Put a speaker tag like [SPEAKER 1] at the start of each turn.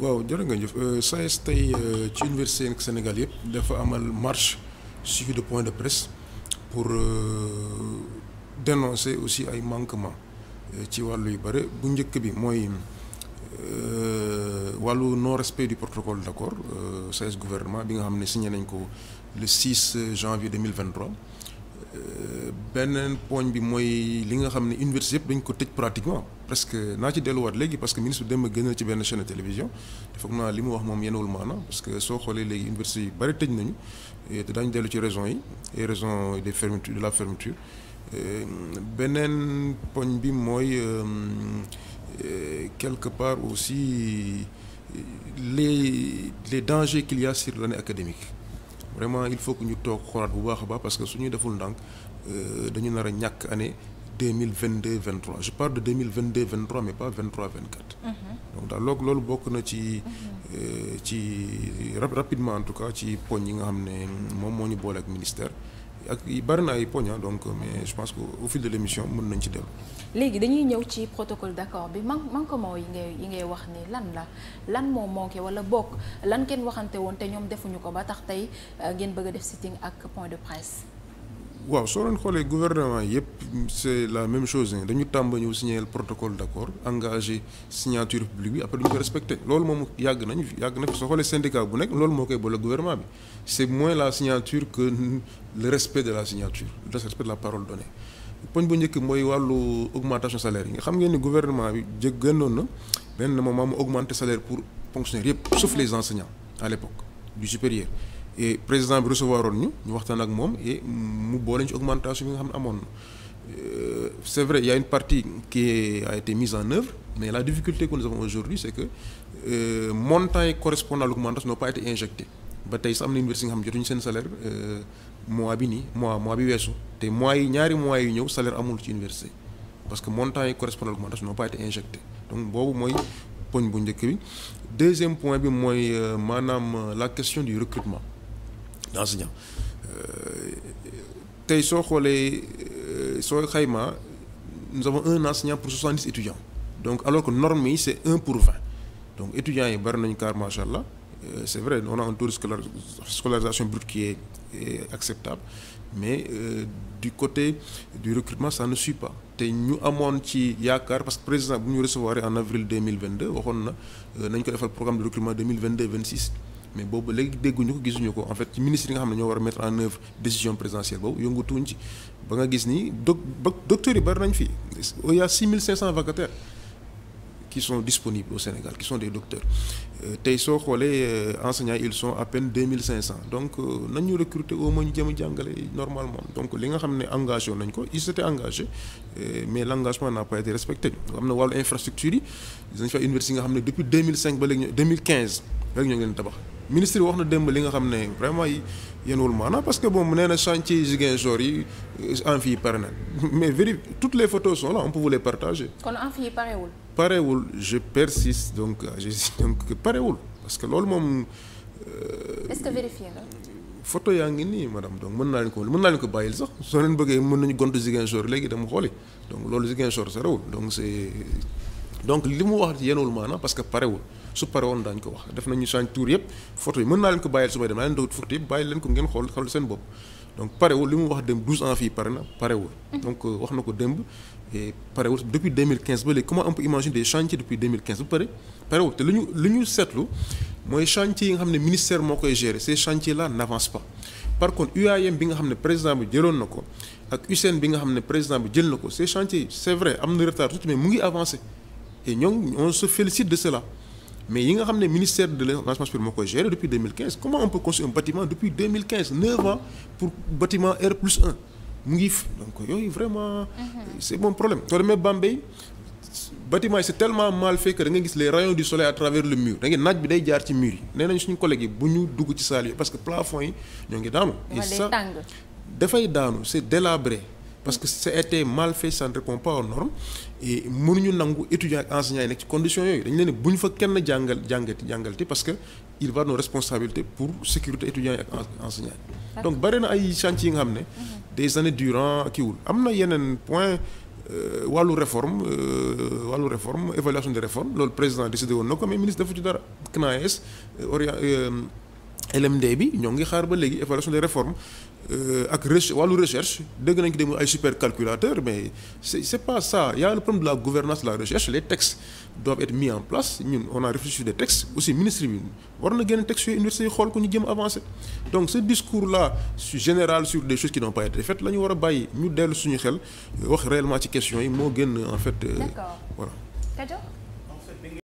[SPEAKER 1] waaw jërë nga jëf euh, SAES tey euh, ci université Sénégal yëpp dafa amal marche suivi de point de presse pour euh, dénoncer aussi ay manquements ci wàllu yu bare bu njëkk bi mooy wàllu non respect du protocole d' accord SAES gouvernement bi nga xam ne signé nañ ko le 6 janvier 2023 Euh, beneen poñ bi mooy li nga xam ne université yëpp dañ ko tëj pratiquement presque naa ci delluwaat léegi parce que ministre Demba a na ci benn chaîne télévision te foog naa li mu wax moom yenewul maana parce que soo xoolee léegi université yi bari tëj nañu te daañu dellu ci raison yi et raison des fermetures de la fermeture euh, beneen poñ bi mooy euh, quelque part aussi les les dangers qu'il y ne sur académique vraiment il faut que ñu toog xoolaat bu baax a baax parce que su ñu deful ndànk euh, dañu nar a ñàkk année deux mille vingt deux vingt trois je parle de deux mille vingt deux vingt trois mais pas vingt trois vingt quatre. Mm-hmm. donc daal loolu loolu bokk na ci. Mm-hmm. Euh, ci rapidement en tout cas ci poñ yi nga xam ne moom moo ñu boole ak ministère. ak bari na ay poñ ah, donc mais je pense que au fil de l' émission mën nañ ci dellu. léegi dañuy ñëw ci protocole d' accord bi man manquement yi ngay yi ngay wax ni lan la lan moo manqué wala bokk lan kenn waxante woon te ñoom defuñu ko ba tax tey euh, ngeen bëgga a def sitting ak point de presse. waaw soo leen xoolee gouvernement yëpp c'est la même chose dañu tàmba ñëw signer protocole d'accord engagé signature publique bi après duñu ko respecté loolu moom yàgg nañu fi yàgg na fi soo xoolee syndicat bu nekk loolu moo koy boole gouvernement bi c'est moins la signature que le respect de la signature le respect de la parole donnée poñ bu njëkk mooy wàllu augmentation salaire yi nga xam ngeen ni gouvernement bi jëg gënoon na benn moment mu augmenter salaire pour fonctionnaire yëpp sauf les enseignants à l'époque président bi recevoir oon ñu ñu waxtaan ak moom et mu boo ñu ci augmentation bi nga xam ne amoon na euh, c'est vrai il y a une partie qui a te mise en œuvre mais la difficulté que nous avons aujourd'hui c'est que euh, montant yi correspondant à l'augmentation n'ont ba tey sax am na université nga xam ne jotuñu seen salaire euh, mois bi nii mois mois bi weesu te mois ñaari mois yi ñëw salaire amul ci université parce que montant yi correspondant à l'augmentation n'ont pas été injecté boobu mooy poñ bu njëkk bi deuxième point bi mooy euh, maanaam la question du recrutement d'enseignants tey soo xoolee euh, soo xaymaa nous avons un enseignant pour soixante-dix étudiants donc alors que norme yi c'est un pour vingt donc étudiants yi bari nañu car macha allah euh, c'est vrai on a un scolarisation brute est acceptable mais euh, du côté du recrutement ça ne suit pas te ñu amoon ci yaakaar parce que président bu ñu recevoir en avril deux mille vingt deux waxoon na nañ ko defal programme de recrutement deux six mais boobu léegi dégguñu ko gisuñu ko en fait ci ministre yi nga xam ne ñoo war a mettre en œuvre décision présidentielle boobu yëngutuñ ci ba nga gis ni doc docteurs yi bari nañ fi il y a 6500 vacataires qui sont disponibles au Sénégal qui sont des docteurs euh, tey soo xoolee euh, enseignants ils sont à peine 2500 donc euh, nañu recruter au moins ñu jëm jàngale normalement donc li nga xam ne engagé nañ ko ils s'étaient engagés mais l'engagement n'a pas été respecté am na wàllu infrastructure yi dañ fa université yi nga xam ne ministre wax na démb li nga xam ne vraiment yenuwul maanaam parce que bon mu nee na chantier Ziguinchor yi en euh, fii pare na mais vérif toutes les photos sont là on peut vous les partager. kon en fii parewul. parewul je persiste donc euh, parce que loolu moom. Euh, est-ce que photo yaa ngi nii madame donc mën naa leen ko mën naa leen ko bàyyil sax soo leen bëggee mën nañu gontu Ziguinchor léegi dama xooli donc loolu Ziguinchor sa réewul donc c'est donc li mu wax yenuwul maanaam parce que parewul su pare woon daañu ko wax def nañu change tour yëpp photo yi mën naa leen ko bàyyil su may dem naa leen dawut photo yëpp bàyyi leen ko ngeen xool seen bopp donc parewul li mu wax dem 12 ans fii pare na parewul mhm. donc euh, wax na ko démb et parewul depuis 2015 ba léegi comment on peut imaginer des chantiers depuis 2015 pare parewul te li ñu li ñu seetlu mooy chantier yi nga xam ne ministère moo koy gérer ces chantiers là n'avancent pas par ne président bi jëloon na ko ak USN bi nga ne président bi jël na ko ces chantiers c'est ngi avancé et ñoom on se félicite de cela mais yi nga xam ne ministère de l'information publique moo koy gérer depuis 2015 comment on peut construire un bâtiment depuis 2015 9 ans pour bâtiment ngi donc yooyu vraiment. Mhm. c'est mon problème. soo demee Bambey bâtiment yi c'est tellement mal fait que da nga gis les rayons du soleil à travers le mur da naaj bi day jaar ci mur yi nee nañ suñu collègues yi bu ñu dugg ci salle parce que plafond yi ñoo ngi daanu. et ça dafay daanu c'est délabré. parce que ça a été mal fait ça ne répond pas mënuñu nangu étudiants ak enseignants yi nekk ci conditions yooyu dañu leen ne bu ñu fa kenn jàngal jàngati jàngalti parce que il va nos responsabilités pour sécurité étudiants yi ak enseignants yi donc bari na ay chantier yi nga xam ne mhm. des années durant kiiwul am na yeneen point euh, wàllu réforme euh, wàllu réforme évaluation des réformes loolu président décidé woon na ko mais ministre dafa ci dara CNAES euh, orient LMD bi ñoo ngi xaar ba léegi évaluation des réformes Euh, ak reche wàllu recherche dégg nañ ko dem ay supercalculateur mais c'est c'est pas ça il y a le problème la gouvernance de la recherche les textes doivent être mis en place ñun on a réfléchi des textes aussi ministre bi war na génn textes yooyu université yi xool ko ñu jëm avancé donc ce discours là général sur des choses qui n'ont pas été faites la ñu war a bàyyi ñu dellu suñu xel wax réellement ci question yi moo gën en fait. Euh, D'accord. voilà.